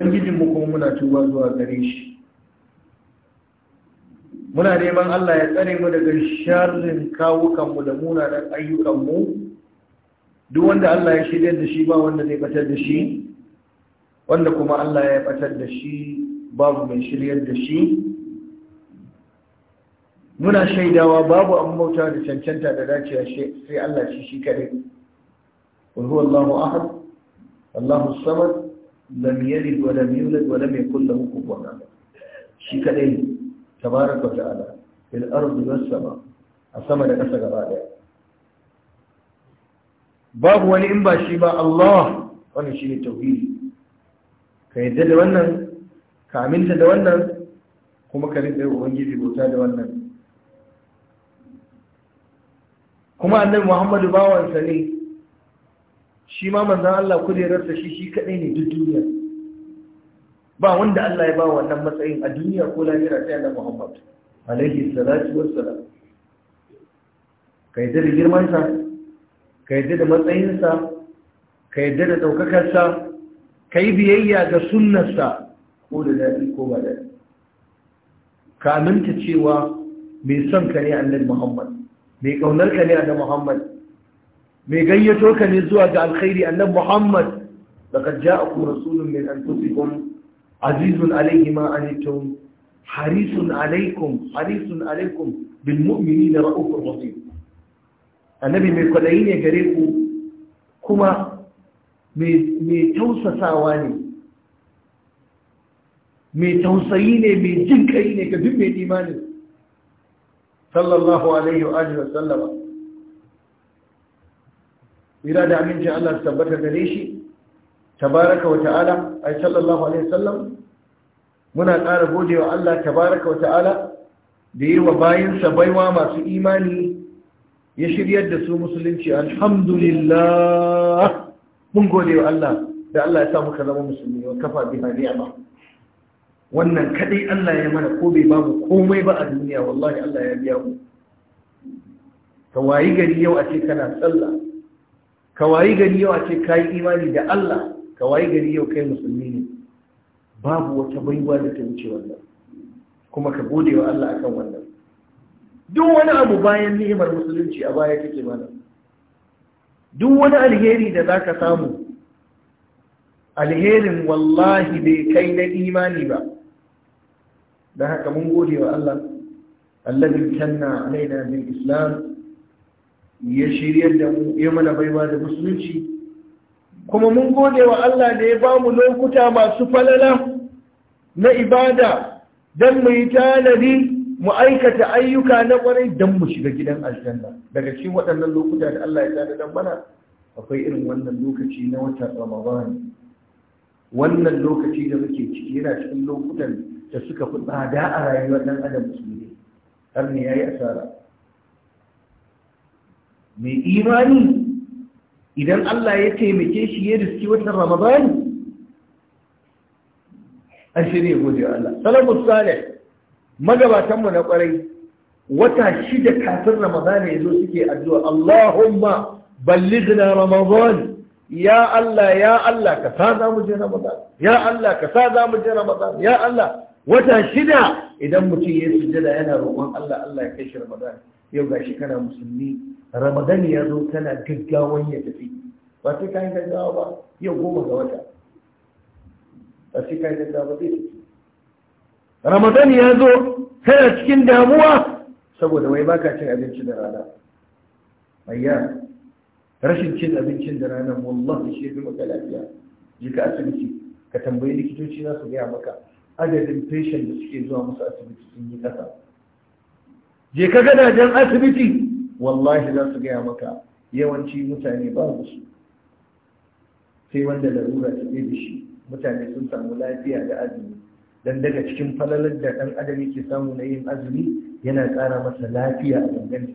mu kuma muna tuba zuwa gare shi muna neman Allah ya tsare mu daga sharrin kawukanmu da munanan ayyukanmu duk wanda Allah ya shirya da shi ba wanda zai batar da shi wanda kuma Allah ya batar da shi babu mai shiryar da shi muna shaidawa babu an bauta da cancanta da dacewa sai Allah shi shi kare. Allahu ahad, Allahu samad, lam yalid wa lam yulad wa lam yakul lahu kufuwan ahad shi kadai tabaraka wa ta'ala fil ardi was sama a sama da ƙasa gaba daya babu wani in ba shi ba Allah wannan tauhidi ka yadda da wannan ka aminta da wannan kuma ka rinda ubangiji bauta da wannan kuma annabi Muhammadu bawansa ne shi ma manzan Allah rasa shi shi kaɗai ne duk duniya ba wanda Allah ya ba wannan matsayin a duniya ko lahira ta yana Muhammadu. alaihi salatu Ka kai da girman sa kai da matsayin sa kai da daukakar sa kai biyayya ga sunnar sa ko da dadi ko ba dadi ka aminta cewa mai son ka ne annabi Muhammad mai kaunar ka ne annabi Muhammad mai gayyato ka ne zuwa ga alkhairi annan Muhammad ja laqad ja'akum rasulun min kun, azizun alaihi ma anittum harisun alaikum, harisun alaykum bil mu'minina ra'ufur rahim annabi mai kwadayi ne gare ku kuma mai tausasawa ne mai tausayi ne mai jin kai ne ga duk mai imanin sallallahu alaihi wa wa sallama ira da aminci Allah su tabbata gare shi tabaraka wa ta'ala ay sallallahu alaihi wasallam muna ƙara godewa Allah tabaraka wa ta'ala da yi wa bayinsa baiwa masu imani ya shiryar da su musulunci alhamdulillah mun godewa Allah da Allah ya sa muka zama musulmi wa kafa biha ni'ama wannan kadai Allah ya mana ko bai babu komai ba a duniya wallahi Allah ya biya mu ka wayi gari yau a ce kana sallah ka wayi gari yau a ce ka imani da Allah ka wayi gari yau kai musulmi ne babu wata baiwa da ta wuce wannan kuma ka gode wa Allah akan wannan duk wani abu bayan ni'imar musulunci a baya take mana duk wani alheri da zaka samu alherin wallahi bai kai na imani ba da haka mun gode wa Allah alladhi tanna alaina bil islam ya shiryar da mu ya mana baiwa da musulunci kuma mun gode wa Allah da ya bamu lokuta masu falala na ibada don mu yi tanadi mu aikata ayyuka na kwarai don mu shiga gidan aljanna daga cikin waɗannan lokuta da Allah ya tanadar mana akwai irin wannan lokaci na watan Ramadan wannan lokaci da muke ciki yana cikin lokutan da suka fi tsada a rayuwar ɗan adam musulmi har ne yayi asara mai imani idan Allah ya taimake shi ya riski watan ramadani an shirya gode Allah salamu salih magabatanmu na kwarai wata shida kafin ramadani ya zo suke addu'a Allahumma ballighna ramadan ya Allah ya Allah ka sa za mu je ramadan ya Allah ka sa za mu je ramadan ya Allah wata shida idan mutum ya sujada yana roƙon Allah Allah ya kai shi Ramadan yau gashi kana musulmi Ramadan ya zo kana gaggawan ya tafi ba sai kai gaggawa ba yau goma ga wata ba sai kai gaggawa zai tafi Ramadan ya zo kana cikin damuwa saboda wai baka cin abinci da rana ayya rashin cin abincin da rana wallahi shi ya fi maka lafiya je asibiti ka tambayi likitoci za su gaya maka adadin feshin da suke zuwa musu asibiti sun yi ƙasa je ka gadajen asibiti wallahi za su gaya maka yawanci mutane ba su sai wanda larura ta ɗaya da shi mutane sun samu lafiya da azumi dan daga cikin falalar da ɗan adam yake samu na yin azumi yana ƙara masa lafiya a gangan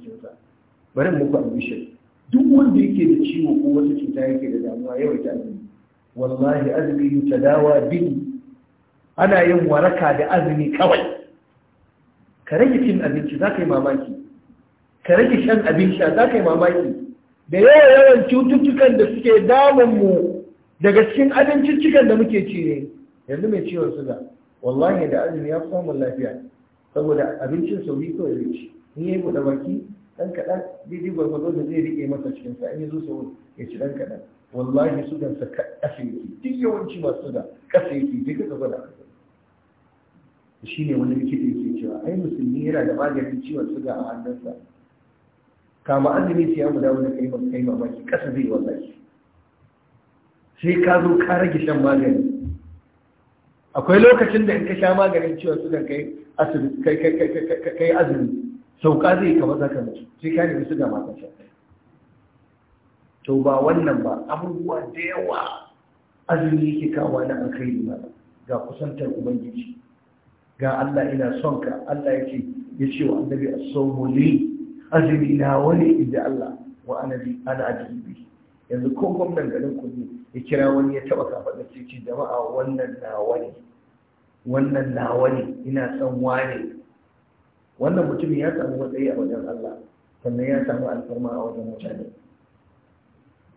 bari muku ambishin duk wanda yake da ciwo ko wata cuta yake da damuwa yawaita azumi wallahi azumi yutadawa bihi ana yin waraka da azumi kawai ka rage cin abinci za ka yi mamaki ka rage shan abinci, za ka yi mamaki da yawa yawan cututtukan da suke damunmu daga cikin abincin da muke ci ne yanzu mai ciwon suga wallahi da azumi ya fi samun lafiya saboda abincin sauri kawai zai ci in ya yi buɗe baki ɗan kaɗan daidai gwargwado da zai riƙe masa cikinsa in ya zo sau ya ci ɗan kaɗan wallahi sa ƙasa yake duk yawanci masu suga da yake duk ka gwada shi ne wani likita yake cewa ai musulmi yana da maganin ciwon suga a hannunsa kama azumi sai mu dawo da kai kai mamaki kasa zai shi sai ka zo ka rage shan magani akwai lokacin da in ka sha maganin ciwon sugan kai asibiti kai kai kai kai azumi sauka zai kama zaka mutu sai ka nemi suga ma ka sha to ba wannan ba abubuwa da yawa azumi yake kawo na alkhairi ba ga kusantar ubangiji ga Allah ina son ka Allah ya ce ya ce wa annabi as-sawmu li azumi na wani inda Allah wa ana bi ana ajibi yanzu ko gwamnan garin ku ne ya kira wani ya taba kafa da ce jama'a wannan na wani wannan na wani ina son wani wannan mutum ya samu matsayi a wajen Allah sannan ya samu alfarma a wajen mutane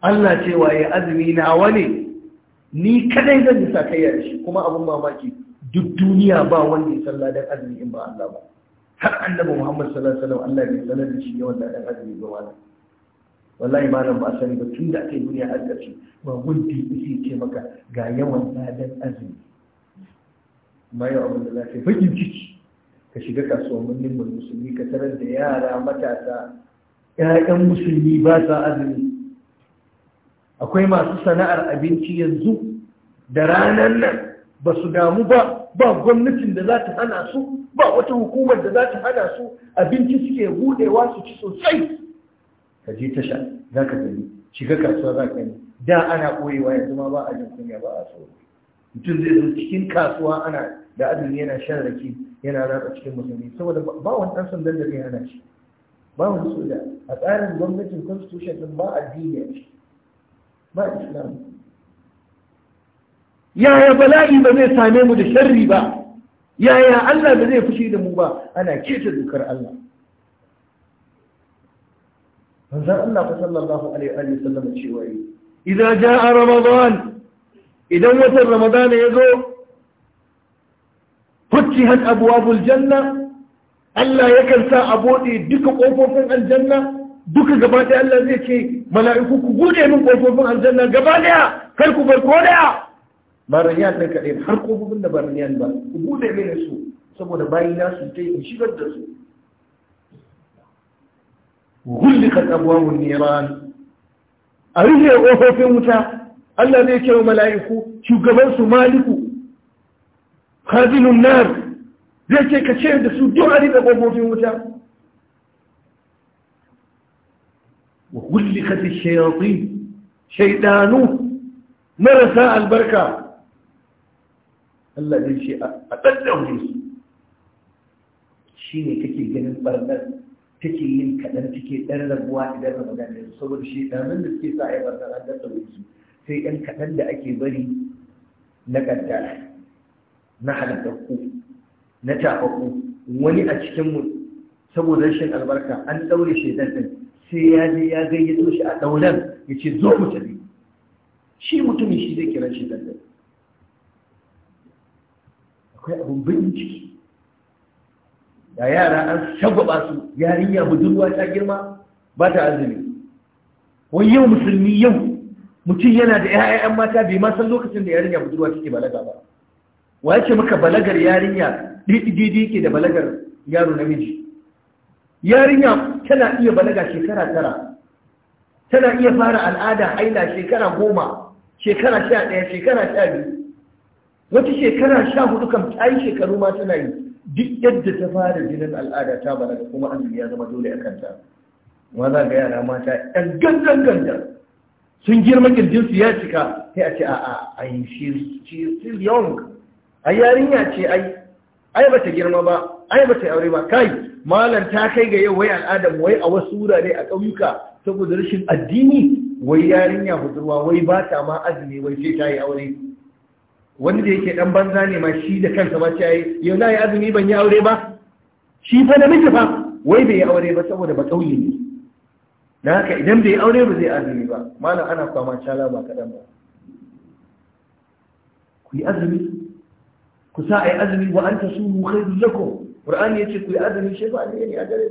Allah cewa ya azumi na wani ni kadai zan yi sa sakayya da shi kuma abun mamaki duk duniya ba wanda ya san ladan azumi in ba Allah ba har annabi Muhammad sallallahu alaihi wasallam Allah ya sanar da shi yawan ladan azumi ba wannan wallahi malam ba sani ba tun da ake duniya har ƙarshe ba wanda ya isi ce maka ga yawan ladan azumi ma yau abin da lafiya bakin ciki ka shiga kasuwannin musulmi ka tarar da yara matasa ƴaƴan musulmi ba sa azumi akwai masu sana'ar abinci yanzu da ranar nan ba su damu ba ba gwamnatin da za ta hana su ba wata hukumar da za ta hana su abinci suke budewa su ci sosai ka je tasha za ka gani shiga kasuwa za ka gani da ana koyewa yanzu ma ba a jin kunya ba a tsoro mutum zai zo cikin kasuwa ana da azumi yana shan rake yana ratsa cikin musulmi saboda ba wani ɗan sandan da zai hana shi ba wani soja a tsarin gwamnatin constitution din ba addini a jiya. ba islam yaya bala'i ba zai same mu da sharri ba yaya Allah ba zai fushi da mu ba ana keta dokar Allah manzon Allah fa sallallahu alaihi wa sallam cewa idan jaa ramadan idan watan ramadan ya zo futihat abwabul janna Allah yakan sa a bude duka kofofin aljanna duka gaba ɗaya Allah zai ce mala'iku ku bude min kofofin aljanna gaba ɗaya kar ku bar ko ɗaya ba rayyan ɗin kaɗai har ƙofofin da ba rayyan ba ku buɗe mini su saboda bayina na su ta in shigar da su gulli ka tsabuwa niran a rufe ƙofofin wuta Allah zai ce wa mala'iku shugaban su maliku khazinun nar zai ce ka ce da su duk a rufe ƙofofin wuta wa gulli ka shayatsi shaidanu marasa albarka Allah zai ce a ɗanɗaure su shi ne kake ganin ɓarnar take yin kaɗan take ɗan rabuwa idan ramadan ya zo saboda shi ɗanin da suke sa a yi ɓarnar an ɗanɗaure su sai ɗan kaɗan da ake bari na ƙaddara na halakakku na tafakku wani a cikinmu saboda rashin albarka an ɗaure shaidan ɗin sai ya je ya gayyato shi a ɗaunar ya ce zo mu tafi shi mutumin shi zai kira shaidan ɗin akwai abin bakin ciki da yara an shagwaba su yarinya budurwa ta girma ba ta azumi wai yau musulmi yau mutum yana da 'ya'yan mata bai ma san lokacin da yarinya budurwa take balaga ba wa ce maka balagar yarinya daidai ke da balagar yaro namiji yarinya tana iya balaga shekara tara tana iya fara al'ada haila shekara goma shekara sha ɗaya shekara sha biyu wata shekara sha hudu kam ta yi shekaru ma tana yi duk yadda ta fara jinin al'ada ta bana da kuma azumi ya zama dole a kanta ma za ga yara mata yan gangan gangan sun girma su ya cika sai a ce a'a ai she still young ai yarinya ce ai ai bata girma ba ai bata aure ba kai malam ta kai ga yau wai al'adar wai a wasu wurare a ƙauyuka saboda rashin addini wai yarinya budurwa wai ba ta ma azumi wai sai ta yi aure wanda yake dan banza ne ma shi da kansa ba ta yi yau na yi azumi ban yi aure ba shi fa da miji fa wai bai yi aure ba saboda ba kauye ne na haka idan bai yi aure ba zai azumi ba malam ana kwama shala ba kaɗan ba ku yi azumi ku sa a yi azumi wa an ta su mu kai lakum qur'ani yace ku yi azumi shi ba ne a dare.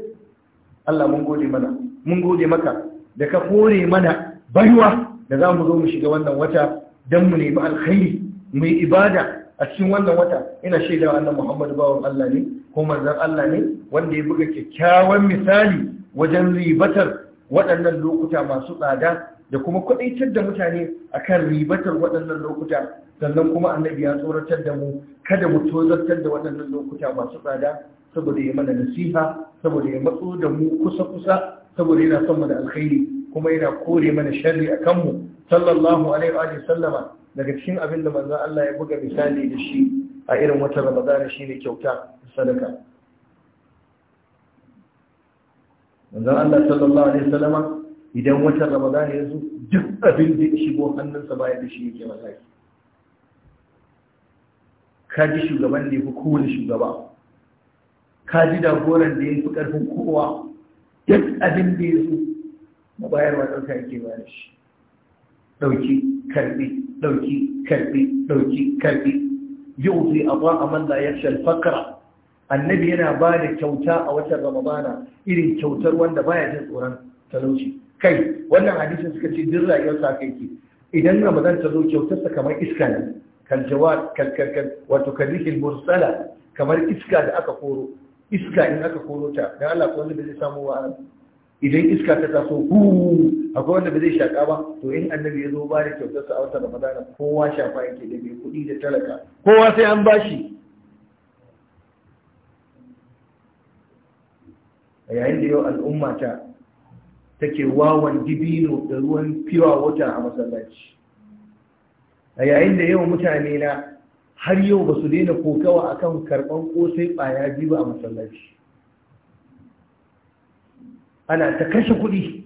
Allah mun gode mana mun gode maka da ka kore mana baiwa da za mu zo mu shiga wannan wata dan mu nemi alkhairi Mai ibada a cikin wannan wata ina shaidawa annabi Muhammad bawan Allah ne ko manzan Allah ne wanda ya buga kyakkyawan misali wajen ribatar waɗannan lokuta masu tsada da kuma kuɗaitar da mutane akan ribatar waɗannan lokuta sannan kuma annabi ya tsoratar da mu kada mu tozartar da waɗannan lokuta masu tsada saboda ya mana nasiha saboda ya matso da mu kusa kusa saboda yana son mu da alkhairi kuma yana kore mana sharri akan mu sallallahu alaihi wa sallama daga cikin abin da manzon Allah ya buga misali da shi a irin watan Ramadana shine kyauta sadaka manzon Allah sallallahu alaihi wasallama idan wata Ramadana ya zo duk abin da ya shigo hannunsa bayan da shi yake mataki ka ji shugaban da ya fi kowane shugaba ka ji dagoran da ya fi ƙarfin kowa duk abin da ya zo na bayarwa ɗauka yake bayar shi ɗauki karɓi ɗauki karɓi ɗauki karɓi yuzi a man la yakhsha annabi yana ba da kyauta a watan ramadana irin kyautar wanda baya jin tsoron talauci kai wannan hadisin suka ce duk rayuwar sa kai ke idan ramadan ta zo kyautar kamar iska ne kan jawad kan kan wato kadikil mursala kamar iska da aka koro iska in aka koro ta dan Allah ko wanda zai samu wa idan iska ta taso huu akwai wanda ba zai shaka ba to in annabi ya zo ba da kyautar sa a wata ramadana kowa shafa yake da mai kuɗi da talaka kowa sai an bashi a yayin da yau al'umma ta take wawan dibino da ruwan fiwa wata a masallaci a yayin da yau mutane na har yau ba su daina kokawa akan karɓan kosai ɓaya biyu a masallaci ana ta kashe kuɗi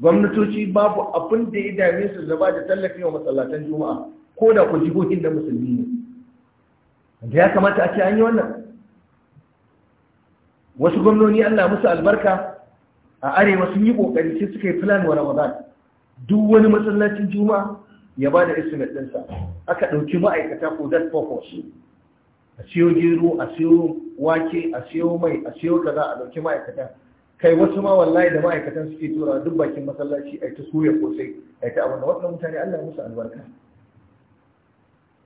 gwamnatoci babu abin da ya dame su zaba da tallafi wa matsalatan juma'a ko da ku jihohin da musulmi ne da ya kamata a ce an yi wannan wasu gwamnoni allah musu albarka a arewa sun yi kokari sai suka yi filan wa ramadan duk wani masallacin juma'a ya ba da estimate ɗinsa aka ɗauki ma'aikata ko that purpose a siyo gero a siyo wake a siyo mai a siyo kaza a ɗauki ma'aikata kai wasu ma wallahi da ma'aikatan suke tura duk bakin masallaci a ta suya sai a ta abin da mutane Allah musu albarka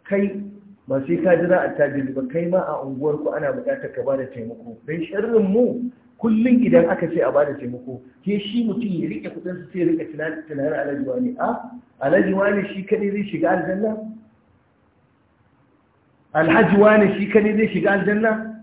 kai ba sai ka jira a tajiri ba kai ma a unguwar ku ana buƙatar ka bada taimako dan sharrin mu kullum idan aka ce a bada taimako ke shi mutum ya rike kudin su sai ya rike tunanin alhaji wani a alhaji wani shi kadai zai shiga aljanna alhaji wani shi kadai zai shiga aljanna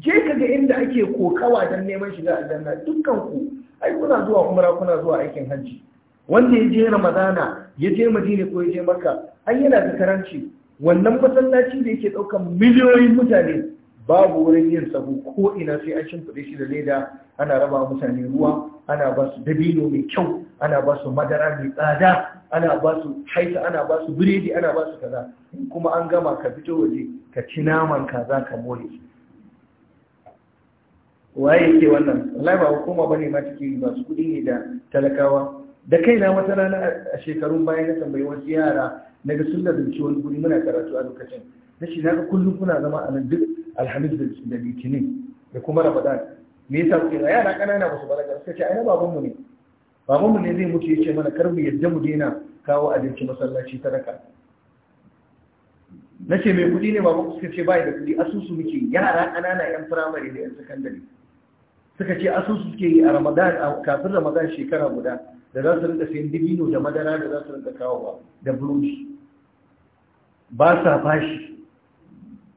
je ka ga inda ake kokawa don neman shiga aljanna dukkan ku ai kuna zuwa umra kuna zuwa aikin hajji wanda ya je ramadana ya je madina ko ya je makka ai yana da karanci wannan masallaci da yake daukan miliyoyin mutane babu wurin yin sahu ko ina sai an shimfiɗe shi da leda ana raba mutane ruwa ana ba su dabino mai kyau ana ba su madara mai tsada ana ba su haita ana ba su biredi ana ba su kaza kuma an gama ka fito waje ka ci naman kaza ka more waye ke wannan wallahi ba hukuma bane ma take yi ba su kudi ne da talakawa da kaina wata rana a shekarun baya na tambayi wasu yara na ga da lazumci wani guri muna karatu a lokacin na shi naga kullum kuna zama a nan duk alhamis da litinin da kuma ramadan me yasa kuke ba yara ƙanana ba su balaga suka ce ai na mu ne mu ne zai mutu ya ce mana kar mu yadda mu daina kawo abinci masallaci daka. na ce mai kudi ne babanku suka ce bai da kudi asusu muke yara ƙanana yan firamare da yan sakandare suka ce asusu suke yi a ramadan kafin ramadan shekara guda da za su rinka sayan dibino da madara da za su rinka kawowa da buruji ba sa fashi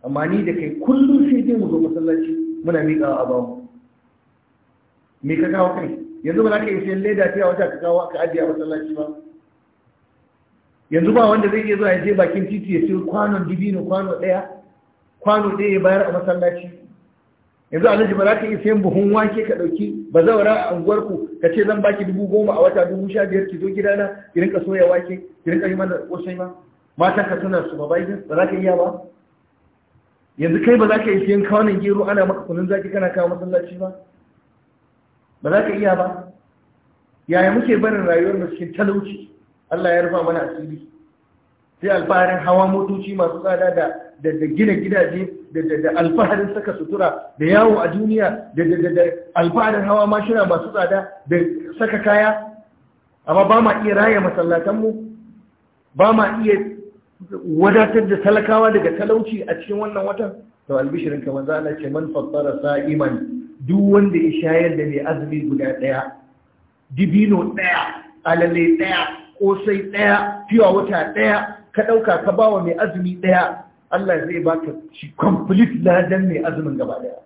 amma ni da kai kullum sai dai mu zo masallaci muna miƙa a bamu me ka kawo kai yanzu ba za ka yi sayan leda ta wata ka kawo ka ajiye a masallaci ba yanzu ba wanda zai iya zuwa ya je bakin titi ya ce kwanon dibino kwano ɗaya kwano ɗaya ya bayar a masallaci yanzu alhaji ba za ka iya sayan buhun wake ka ɗauki ba zaura a unguwarku ka ce zan baki dubu goma a wata dubu sha biyar ki zo gidana ki rinka soya wake ki rinka yi mana kosai ba mata ka suna su ba ba za ka iya ba yanzu kai ba za ka iya sayan kawunan gero ana maka kunun zaki kana kawo masallaci ba ba za ka iya ba yaya muke barin rayuwar mu cikin talauci Allah ya rufa mana asiri sai alfaharin hawa motoci masu tsada da da gina gidaje da alfaharin saka sutura da yawo a duniya da alfaharin hawa mashina masu tsada da saka kaya amma ba ma iya raya masallatanmu ba ma iya wadatar da talakawa daga talauci a cikin wannan watan to albishirin kamar za a ce man fassara sa'iman duk wanda ya shayar da mai azumi guda ɗaya dibino ɗaya alale ɗaya ƙosai ɗaya fiwa wata ɗaya ka ɗauka ka bawa mai azumi ɗaya Allah zai baka shi complete ladan mai azumin gaba daya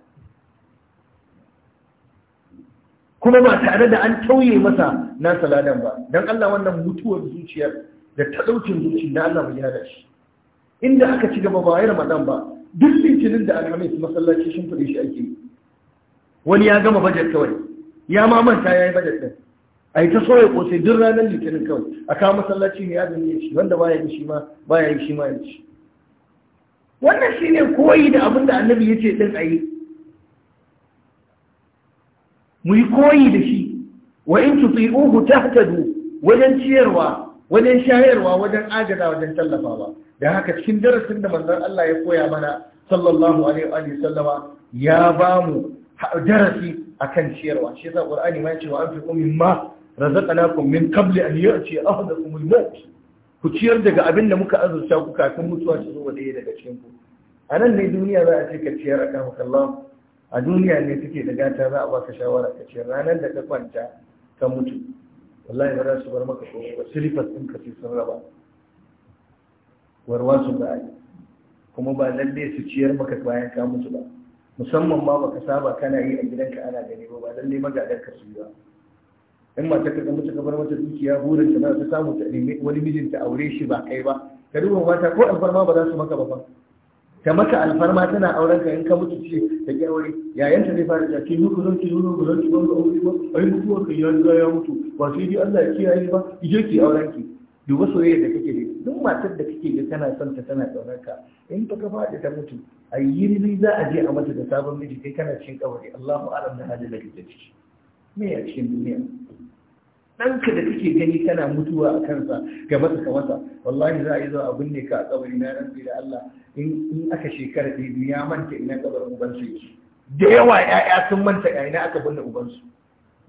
kuma ba tare da an tauye masa nasa ladan ba don Allah wannan mutuwar zuciyar da ta ɗaukin zuci da Allah mai yada shi inda aka ci gaba ba wai Ramadan ba duk litinin da alhamis masallaci shin shi ake wani ya gama bajet kawai ya ma manta yayi bajet din yi ta soya kosai duk ranar litinin kawai a kawo masallaci ne ya zane shi wanda baya yi shi ma baya yi shi ma ya ci wannan shi ne koyi da abin da annabi ya ce ɗin a yi mu yi koyi da shi wa in tufi uhu tahtadu wajen ciyarwa wajen shayarwa wajen adana, wajen tallafawa da haka cikin darasin da manzon Allah ya koya mana sallallahu alaihi wa sallama ya ba mu darasi akan ciyarwa shi yasa qur'ani ma ya ce wa anfiqu mimma razaqnakum min qabli an ya'ti ahadakum al-maut ku ciyar daga abin da muka azurta ku kafin mutuwa ta zo ɗaya daga cikin ku a nan ne duniya za a ce ka ciyar a kan kallon a duniya ne suke da gata za a ba ka shawara ka ciyar ranar da ka kwanta ka mutu wallahi ba za su bar maka komai ba silifas ɗin ka sun raba warwa su ba kuma ba lalle su ciyar maka bayan ka mutu ba musamman ma baka saba kana yi a gidanka ana gani ba ba lalle magadanka su yi ba in mata ka ga mace ka mata dukiya burin ta ta samu ta nemi wani mijin ta aure shi ba kai ba ka duba mata ko alfarma ba za su maka ba fa ta maka alfarma tana auren ka in ka mutu ce ta ki aure yayan ta zai fara ta ki nuku zan ki nuku zan ki ban aure ba ai mutuwa ka ya ya mutu ba sai dai Allah ya kiyaye ba je ki auren ki duba soyayya da kake da duk matar da kake da tana son ta tana kaunar ka in ka faɗi ta mutu a ni za a je a mata da sabon miji kai kana cin kawari Allahu a'lam da hadin da kake ciki me ya cikin duniya ɗanka da kake gani kana mutuwa a kansa ga matsa masa wallahi za a yi zuwa abin ne ka a kabari na rantsi da Allah in aka shekara ɗaya ya manta ina kabarin ubansu yake da yawa 'ya'ya sun manta a ina aka binne ubansu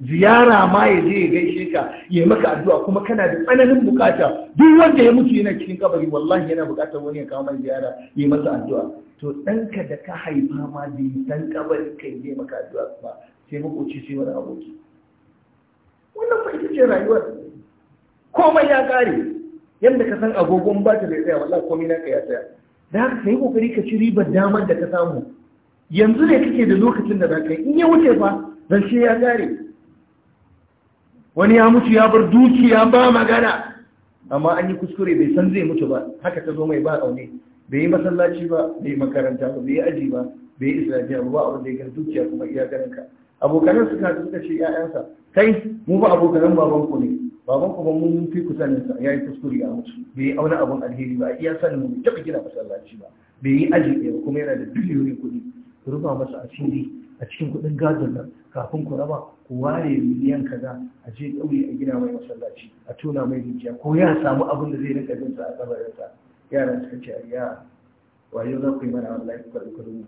ziyara ma ya je ya gaishe ka ya maka addu'a kuma kana da tsananin bukata duk wanda ya mutu yana cikin kabari wallahi yana bukatar wani ya kawo ziyara ya masa addu'a to ɗanka da ka haifa ma bai san kabari kai ya maka addu'a ba sai makoci sai wani aboki wannan fa ita ce rayuwar komai ya kare yadda ka san agogon ba ta bai tsaya wallahi komai na ya tsaya da haka ka yi kokari ka ci ribar damar da ka samu yanzu ne kake da lokacin da za ka yi in ya wuce fa ce ya kare wani ya mutu ya bar dukiya ba magana amma an yi kuskure bai san zai mutu ba haka ta zo mai ba aune bai yi masallaci ba bai makaranta ba bai yi aji ba bai yi islamiyya ba ba abin da ya dukiya kuma iya ganin ka abokanan suka suka ce ƴaƴansa kai mu ba abokanan babanku ne babanku ba mun fi ku sa yayi kuskure a wuce bai yi auna abun alheri ba iya sanin mu bai taɓa gina masallaci ba bai yi aji ɗaya kuma yana da biliyoyin kuɗi ku rufa masa asiri a cikin kuɗin gadon nan kafin ku raba ku ware miliyan kaza a je a gina mai masallaci a tona mai rijiya ko ya samu abin da zai rinka jinsa sa a kabarinsa yaran suka ce ya wayo za ku yi mana wallahi ku karɓi kuɗin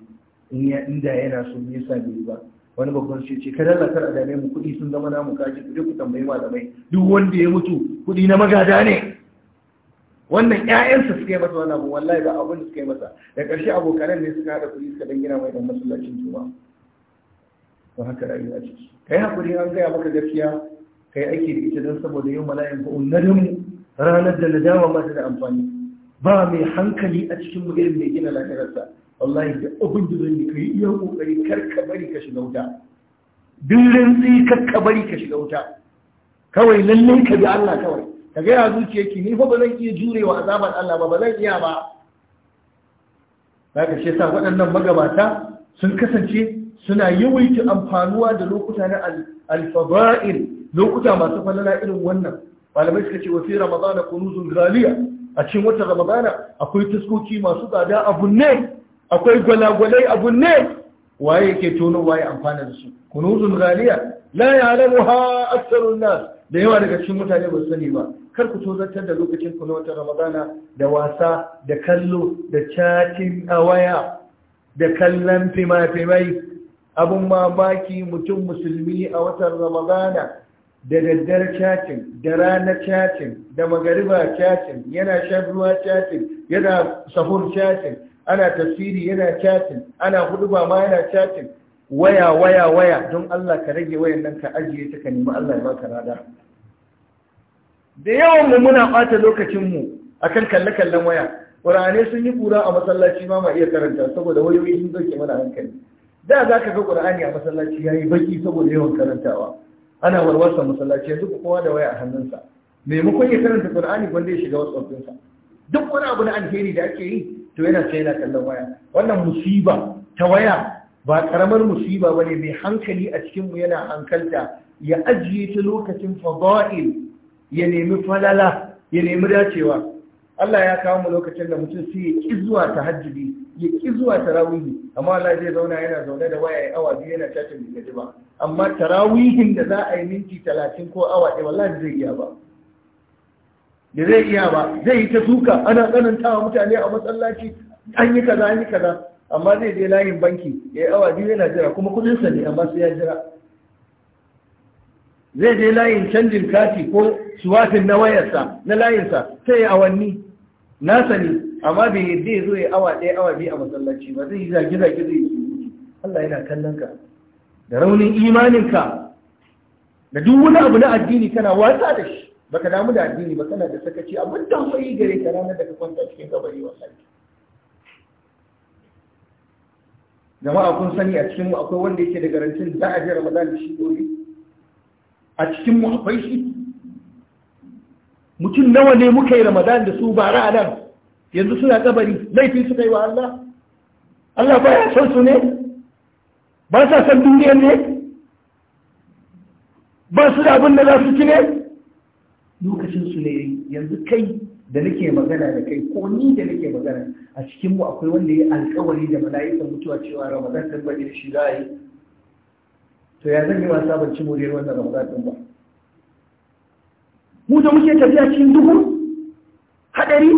in ya inda yana so me yasa bai yi ba wani babban shi ce kada Allah kar a dame mu kuɗi sun zama namu kaji ku je ku tambayi malamai duk wanda ya mutu kuɗi na magada ne wannan ƴaƴansa suka yi masa wannan abu wallahi ba abin da suka yi masa da ƙarshe abokanan ne suka haɗa kudi suka dan gina mai dan masallacin juma'a to haka rayuwa ce kai hakuri an gaya maka gaskiya kai aiki da ita dan saboda yau mala'in ko unnadin ranar da nadama ta da amfani ba mai hankali a cikin mu irin mai gina lafiyarsa wallahi da abin da zai kai iya kokari kar ka bari ka shiga wuta duk rantsi kar ka bari ka shiga wuta kawai lallai ka bi Allah kawai ka ga ya zuciyarki ni fa ba zan iya jurewa azaban Allah ba ba zan iya ba zaka ce sa waɗannan magabata sun kasance suna yawaita amfanuwa da lokuta na alfaba'il lokuta masu falala irin wannan malamai suka ce wa fi ramadana kunuzun galiya a cikin watan ramadana akwai taskoki masu tsada a bunne akwai gwalagwalai abu ne waye ke tono waye amfana da su kunuzun ghaliya la ya'lamuha aktharun nas da yawa daga cikin mutane ba su sani ba kar ku tozartar da lokacin ku na watan ramadana da wasa da kallo da chatin a waya da kallon fima-fimai abun mamaki mutum musulmi a watan ramadana da daddare chatin da ranar chatin da magariba chatin yana shan ruwa chatin yana sahur chatin ana tafsiri yana chatin ana huduba ma yana chatin waya waya waya don Allah ka rage wayan nan ka ajiye ta ka nemi Allah ya baka rada da yawan mu muna bata lokacin mu akan kalle kallan waya Qur'ani sun yi kura a masallaci ma ma iya karanta saboda wayoyi sun dauke mana hankali da za ka ga Qur'ani a masallaci yayi baki saboda yawan karantawa ana warwasa masallaci yanzu kowa da waya a hannunsa maimakon ya karanta Qur'ani gwanda ya shiga wasu duk wani abu na alheri da ake yi to yana sai yana kallon waya wannan musiba ta waya ba karamar musiba ba ne mai hankali a cikinmu yana hankalta ya ajiye ta lokacin fada'il ya nemi falala ya nemi dacewa Allah ya kawo mu lokacin da mutum sai ya ƙi zuwa ta ya ƙi zuwa tarawihi amma Allah zai zauna yana zaune da waya ya awa biyu yana cacin da ba amma tarawihin da za a yi minti talatin ko awa ɗaya wallahi zai iya ba da zai iya ba zai yi ta duka ana tsanantawa mutane a matsalaci an yi kaza an yi kaza amma zai je layin banki ya yi awa biyu yana jira kuma kudin sa ne amma sai ya jira zai je layin canjin kati ko suwatin na wayarsa na layinsa sai ya awanni na sani amma bai yadda ya zo ya awa ɗaya awa biyu a masallaci ba zai yi zage zage zai yi Allah yana kallon ka da raunin imaninka da duk wani abu na addini kana wasa da shi baka damu da addini ba kana da sakaci abin tausayi gare ka ranar da ka kwanta cikin kabari Gama jama'a kun sani a cikin mu akwai wanda yake da garantin za a je Ramadan shi dole a cikin mu akwai shi mutum nawa ne muka yi Ramadan da su bara a nan yanzu suna kabari laifin suka yi wa Allah Allah ba ya san su ne ba sa san duniyar ne ba su da abin da za su ci ne lokacin su ne yanzu kai da nake magana da kai ko ni da nake magana a cikin akwai wanda ya alkawari da mala'ikan mutuwa cewa ramadan din bane shi za a yi to ya zan yi wasa ban ci moriyar wannan ramadan ba mu da muke tafiya cikin duhu hadari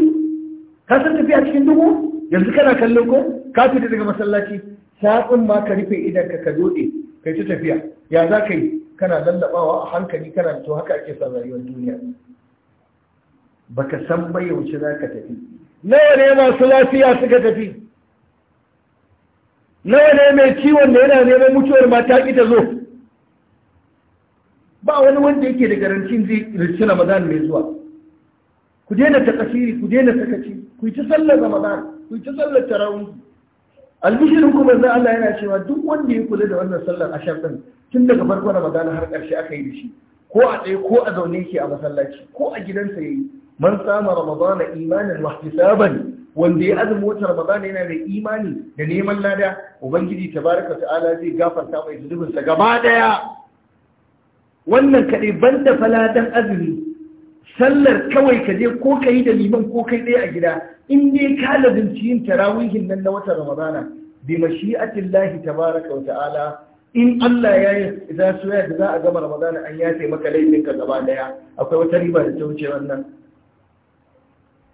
ka san tafiya cikin duhu yanzu kana kallon ko ka fita daga masallaci sa'in ma ka rufe idan ka ka dode kai ta tafiya ya za ka yi kana lallabawa a hankali kana to haka ake son rayuwar duniya baka san bai yaushe za ka tafi nawa ne masu lafiya suka tafi nawa ne mai ciwon da yana neman mutuwar mata ki ta zo ba wani wanda yake da garancin zai rishi ramadan mai zuwa ku daina ta kasiri ku daina sakaci ku yi ta sallar ramadan ku yi ta sallar tarawih albishirin kuma zan Allah yana cewa duk wanda ya kula da wannan sallar ashirin din tun daga farko Ramadan har ƙarshe aka yi da shi ko a tsaye ko a zaune yake a masallaci ko a gidansa yayi man samu Ramadan imanin wa wanda ya azumi wata Ramadan yana da imani da neman lada ubangiji tabaraka ta'ala zai gafarta mai zunubin sa gaba daya wannan kaɗai ban faladan azumi sallar kawai ka je ko kai da liman ko kai ɗaya a gida in dai ka lazimci yin tarawihin nan na watan ramadana bi mashi'atin lahi baraka wa ta'ala in Allah ya yi za su yadda za a gama ramadana an ya laifin ka gaba daya akwai wata riba da ta wuce wannan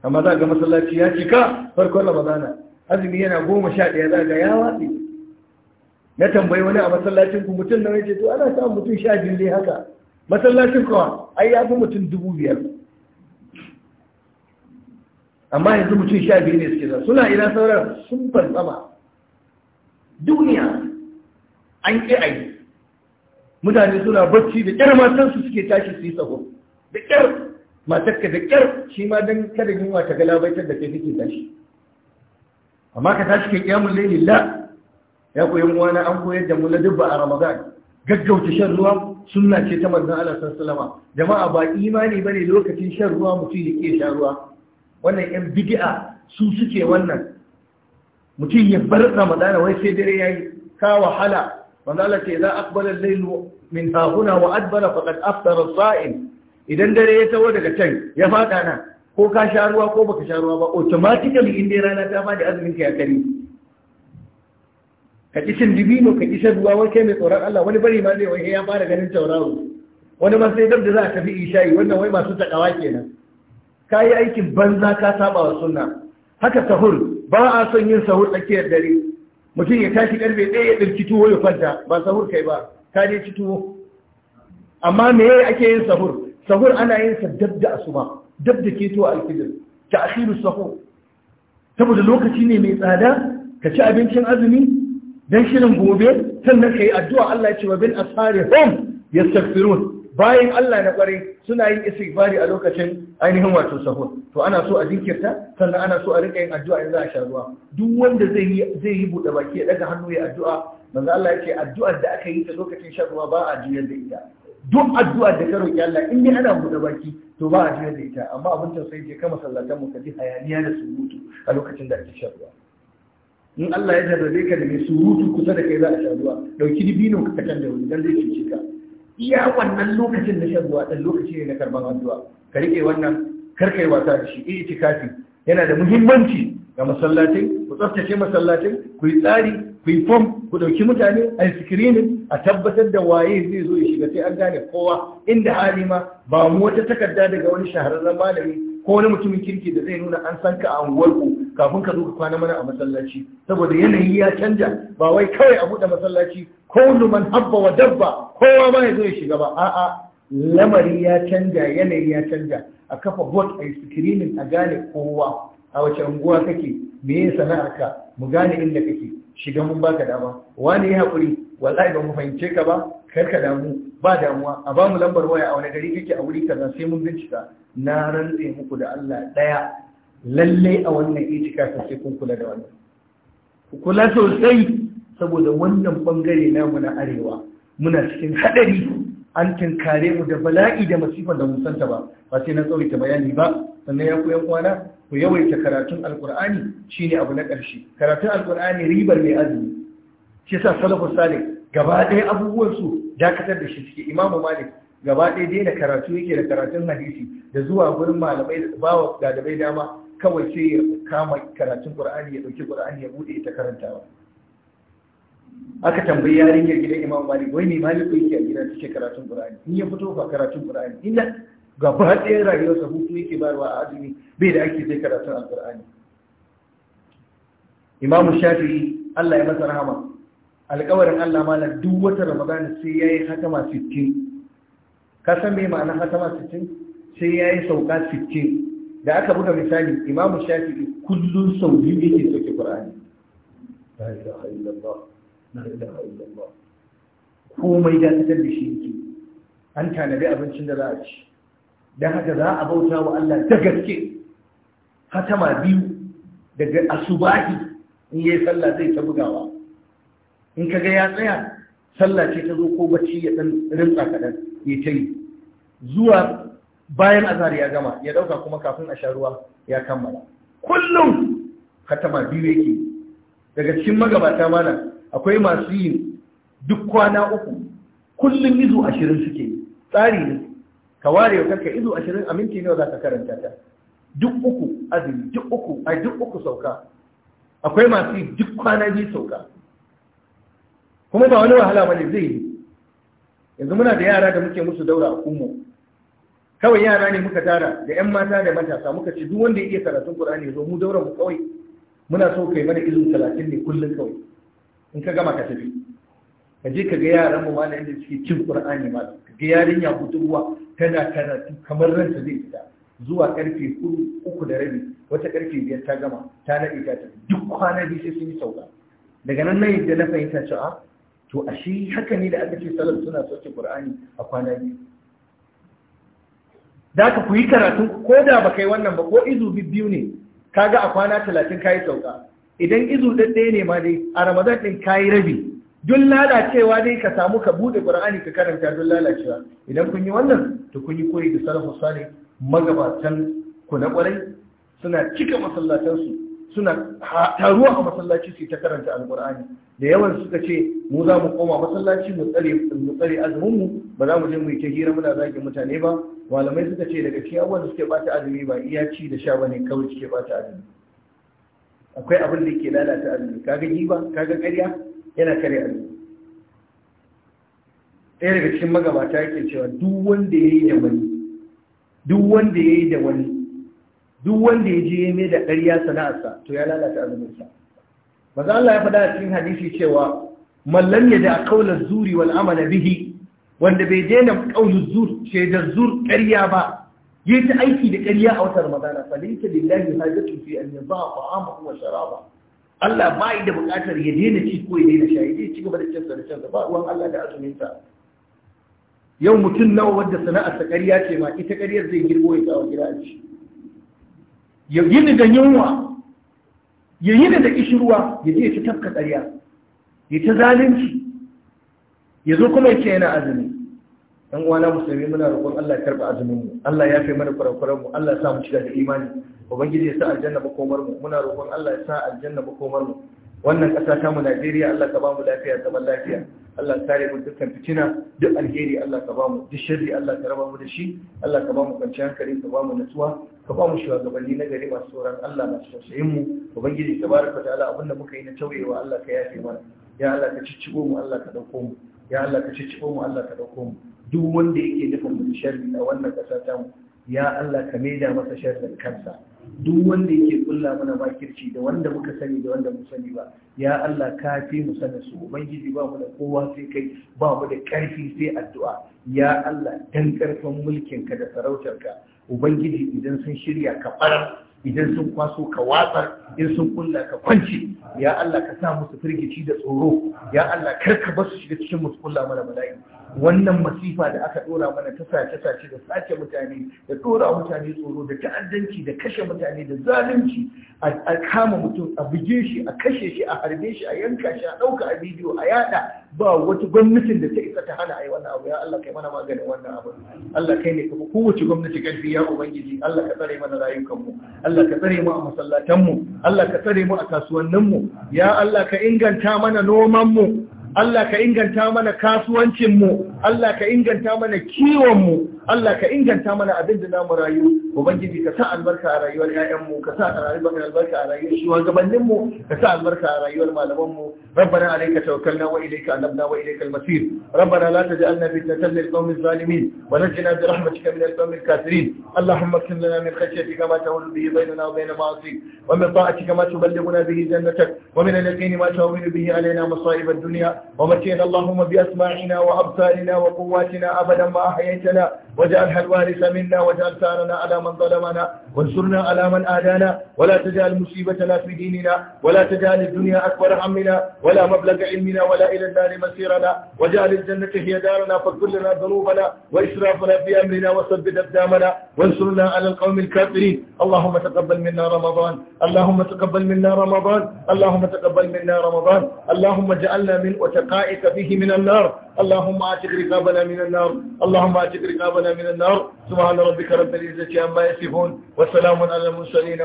amma za ga masallaci ya cika farkon ramadana azumi yana goma sha ɗaya za ga ya watsi na tambayi wani a masallacin ku mutum na wace to ana samun mutum sha biyu ne haka masallacin kuwa ai ya fi mutum dubu biyar amma yanzu mutum sha biyu ne suke suna ina sauran sun fantsama duniya an ƙi a yi mutane suna bacci da ƙyar matansu suke tashi su yi tsaho da ƙyar matarka da ƙyar shi ma don kada yunwa ta galabaitar da kai suke tashi amma ka tashi kai ƙyamun laili la ya koyi mu na an koyar da mu na dubba a ramadan gaggauta shan ruwa sunna ce ta manzon Allah sallallahu jama'a ba imani bane lokacin shan ruwa mutum ya ke shan ruwa wannan yan bid'a su suke wannan mutum ya bar ramadana wai sai dare yayi ka wahala manzala ce za aqbala al-layl min hahuna wa adbara faqad aftara as-sa'im idan dare ya tawo daga can ya fada nan ko ka sha ruwa ko baka sha ruwa ba automatically in dai rana ta fadi azumin ka ya kare ka ci cin dibino ka ci ruwa wai kai mai tsoron Allah wani bari ma zai wai ya fara ganin tauraro wani ma sai dab da za a tafi isha'i wannan wai masu takawa kenan ka yi aikin banza ka saba wa sunna haka sahur ba a son yin sahur tsakiyar dare mutum ya tashi karfe ɗaya ya ɗirki tuwo ya fanta. ba sahur kai ba ka je ci tuwo amma me ake yin sahur sahur ana yin sa dab da asuba dab da keto alfijir ta akhiru sahur saboda lokaci ne mai tsada ka ci abincin azumi dan shirin gobe sannan yi addu'a Allah ya ce wa bil ashari hum yastaghfirun bayan Allah na kwarai suna yin istighfari a lokacin ainihin wato sahun. to ana so a jinkirta sannan ana so a rika yin addu'a in za a sha ruwa duk wanda zai yi buɗe yi baki ya ɗaga hannu ya addu'a manzo Allah ya ce addu'ar da aka yi ta lokacin shan ruwa ba a da ita duk addu'ar da ka roki Allah in dai ana buɗe baki to ba a juyar da ita amma abin tausayi je ka masallatan mu ka ji hayaniya da surutu a lokacin da ake shan ruwa in Allah ya jarrabe ka da mai surutu kusa da kai za a sha ruwa dauki dibino ka kakan da wani dan zai cuce ka iya wannan lokacin na shan ruwa ɗan lokaci ne na karban addu'a ka riƙe wannan karkai wasa da shi itikafi yana da muhimmanci ga masallatai ku tsaftace masallatai ku yi tsari ku yi fom ku ɗauki mutane a screening a tabbatar da waye zai zo ya shiga sai an gane kowa inda hali ma ba mu wata takarda daga wani shahararren malami ko wani mutumin kirki da zai nuna an san ka a unguwarku kafin ka zo ka kwana mana a masallaci saboda yanayi ya canja ba wai kawai a buɗe masallaci ko man habba wa dabba kowa ma ya zo ya shiga ba a'a lamari ya canja yanayi ya canja a kafa bot a screening a gane kowa a wace unguwa kake me ya sana'arka mu gane inda kake shiga mun baka dama wani ya haƙuri wallahi ba mu fahimce ka ba kar ka damu ba damuwa a ba mu lambar waya a wani gari kake a wuri kaza sai mun bincika na rantse muku da Allah daya Lallai a wannan itika sai kun kula da wannan ku kula sosai saboda wannan bangare namu na arewa muna cikin hadari an tinkare mu da bala'i da masifan da musanta ba ba sai na tsawaita bayani ba sannan ya koyan kwana ku yawaita karatun alkur'ani shine abu na ƙarshe karatun alkur'ani ribar mai azumi shi yasa salafu salih gaba ɗaya abubuwan su dakatar da shi cikin imamu malik gaba ɗaya da karatu yake da karatun hadisi da zuwa gurin malamai da bawa ɗalibai dama kawai sai ya kama karatun qur'ani ya dauki qur'ani ya buɗe ita karantawa aka tambayi yarinyar gidan imam malik wai ne ko yake a gida take karatun qur'ani in ya fito ba karatun qur'ani inda gaba ɗaya rayuwarsa hutu yake bayarwa a azumi bai da ake sai karatun alqur'ani imam shafi'i Allah ya masa rahama alƙawarin Allah malam duk wata Ramadana sai yayi hatama 60 ka san me ma'ana hatama 60 sai yayi sauka 60 da aka buga misali Imam Shafi'i kullun sau biyu yake soke Qur'ani la ilaha illallah la ilaha illallah komai da ta da shi yake an tanadi abincin da za a ci dan haka za a bauta wa Allah ta gaske hatama biyu daga asubahi in yayi sallah zai ta bugawa in kaga ya tsaya sallah ce ta zo ko bacci ya dan rinsa kaɗan ya ta yi zuwa bayan azhar ya gama ya ɗauka kuma kafin a sha ruwa ya kammala kullum hatama biyu yake daga cikin magabata mana akwai masu yin duk kwana uku kullum izu ashirin suke tsari ne ka ware wa kanka izu ashirin a minti nawa za ka karanta ta duk uku azumi duk uku a duk uku sauka akwai masu yin duk kwana biyu sauka kuma ba wani wahala bane zai yi yanzu muna da yara da muke musu daura a kummo kawai yara ne muka tara da yan mata da matasa muka ce duk wanda ya iya karatun qur'ani zo mu daura mu kawai muna so kai mana izu talatin ne kullun kawai in ka gama ka tafi ka je ka ga yaran mu malam da suke cin qur'ani ma ka ga yarinya budurwa tana karatu kamar ranta zai fita zuwa karfe uku da rabi wata karfe biyar ta gama ta naɗe ta duk kwana biyu sai sun yi sauka daga nan nan da na fahimta cewa ah, to a shi haka ne da aka ce salaf suna sauke qur'ani a kwana biyu da ka ku yi karatu ko da ba kai wannan ba ko izu biyu ne kaga a kwana talatin kayi sauka idan izu ɗaɗɗaya ne ma dai a ramadan ɗin kayi rabi don lalacewa dai ka samu ka buɗe ƙur'ani ka karanta don lalacewa idan kun yi wannan to kun yi koyi da salafu Sani. magabatan ku na ƙwarai suna cika masallatansu suna taruwa a masallaci su ta karanta alkur'ani da yawan suka ce mu za mu koma masallaci mu tsare mu tsare azumin mu ba za mu je mu yi ta hira muna zage mutane ba malamai suka ce daga cikin abubuwan da suke bata azumi ba iya ci da sha bane kawai suke bata azumi akwai abin da yake lalata azumi kaga giba kaga ƙarya yana kare azumi ɗaya daga cikin magabata yake cewa duk wanda yi da wani duk wanda yi da wani duk wanda ya je ya mai da ƙarya sana'arsa to ya lalata azuminsa maza Allah ya faɗa a cikin hadisi cewa mallan ya da kaular zuri wal amala bihi wanda bai daina kaular zur shaidar zur ƙarya ba yi ta aiki da ƙarya a watan ramadana falinka lillahi hajjatu Tufi, an yaba ta'amahu wa sharaba Allah ba yi da buƙatar ya daina ci ko ya daina shayi zai ci gaba da cin da ba ruwan Allah da azuminsa yau mutum nawa wadda sana'arsa ƙarya ce ma ita ƙaryar zai girgo ya kawo gida a ciki ya yi da yunwa ya yi da kishirwa ya je ya tafka tsariya, ya ta zalunci ya zo kuma ya ce yana azumi ɗan uwana musulmi muna roƙon Allah ya karɓa azumin mu Allah ya fi mana kurakuran mu Allah ya sa mu cika da imani ubangiji ya sa aljanna makomar mu muna roƙon Allah ya sa aljanna makomar mu wannan ƙasa ta mu Najeriya Allah ka ba mu lafiya zaman lafiya Allah kare mu dukkan fitina duk alheri Allah ka ba mu duk sharri Allah ka raba mu da shi Allah ka ba mu kwanciyar hankali ka ba mu natsuwa ka ba mu shugabanni na gari masu tsoron Allah masu tausayin mu ubangiji tabaraka ta'ala abin da muka yi na tauyewa Allah ka yafe mana ya Allah ka ciccibo mu Allah ka dauko mu ya Allah ka ciccibo mu Allah ka dauko mu duk wanda yake nufin mu sharri a wannan kasa ta mu ya Allah ka maida masa sharrin kansa duk wanda yake kulla mana bakirci da wanda muka sani da wanda mu sani ba ya Allah ka fi mu sana su ubangiji ba mu da kowa sai kai ba mu da karfi sai addu'a ya Allah dan karfin mulkin ka da sarautar ka ubangiji idan sun shirya ka idan sun kwaso ka watsar in sun kulla ka kwance ya Allah ka sa musu firgici da tsoro ya Allah kar ka basu shiga cikin musu kulla mana bala'i wannan masifa da aka dora mana ta sace sace da sace mutane da dora mutane tsoro da ta'addanci da kashe mutane da zalunci a kama mutum a buge shi a kashe shi a harbe shi a yanka shi a ɗauka a bidiyo a yada ba wata gwamnatin da ta isa ta hana a yi wannan abu ya Allah kai mana maganin wannan abu Allah kai ne kuma kowace gwamnati ƙarfi ya ubangiji Allah ka tsare mana rayukanmu Allah ka tsare mu a masallatanmu Allah ka tsare mu a kasuwanninmu ya Allah ka inganta mana nomanmu Allah ka inganta mana kasuwancinmu, Allah ka inganta mana kiwonmu, Allah ka inganta mana abin da namu rayu, Ubangiji ka sa albarka a rayuwar ‘ya'yanmu, ka sa rayuwar albarka a rayuwar shugabanninmu, ka sa albarka a rayuwar malamanmu, rabbana alaika tawakkalna wa ilayka anabna wa ilayka al-masir, rabbana la taj'alna na lil qawmi zalimin wa najina bi rahmatika min al-qawmi al-kafirin, Allahumma qsim lana min khashyatika ma tahulu bihi bainana wa bain ma'asik, wa min ta'atika ma tuballighuna bihi jannatak, wa min al-yaqini ma tuhawwinu bihi alayna masa'ib ad-dunya ومتينا اللهم بأسماعنا وأبصارنا وقواتنا أبدا ما أحييتنا واجعلها الوارث منا واجعل ثارنا على من ظلمنا وانصرنا على من آدانا ولا تجعل مصيبتنا في ديننا ولا تجعل الدنيا أكبر همنا ولا مبلغ علمنا ولا إلى النار مسيرنا وجعل الجنة هي دارنا فاغفر لنا ذنوبنا وإسرافنا في أمرنا وثبت أقدامنا وانصرنا على القوم الكافرين اللهم تقبل منا رمضان اللهم تقبل منا رمضان اللهم تقبل منا رمضان اللهم اجعلنا من وتقائك فيه من النار اللهم اعتق رقابنا من النار اللهم اعتق رقابنا من النار سبحان ربك رب العزة عما يصفون وسلام على المرسلين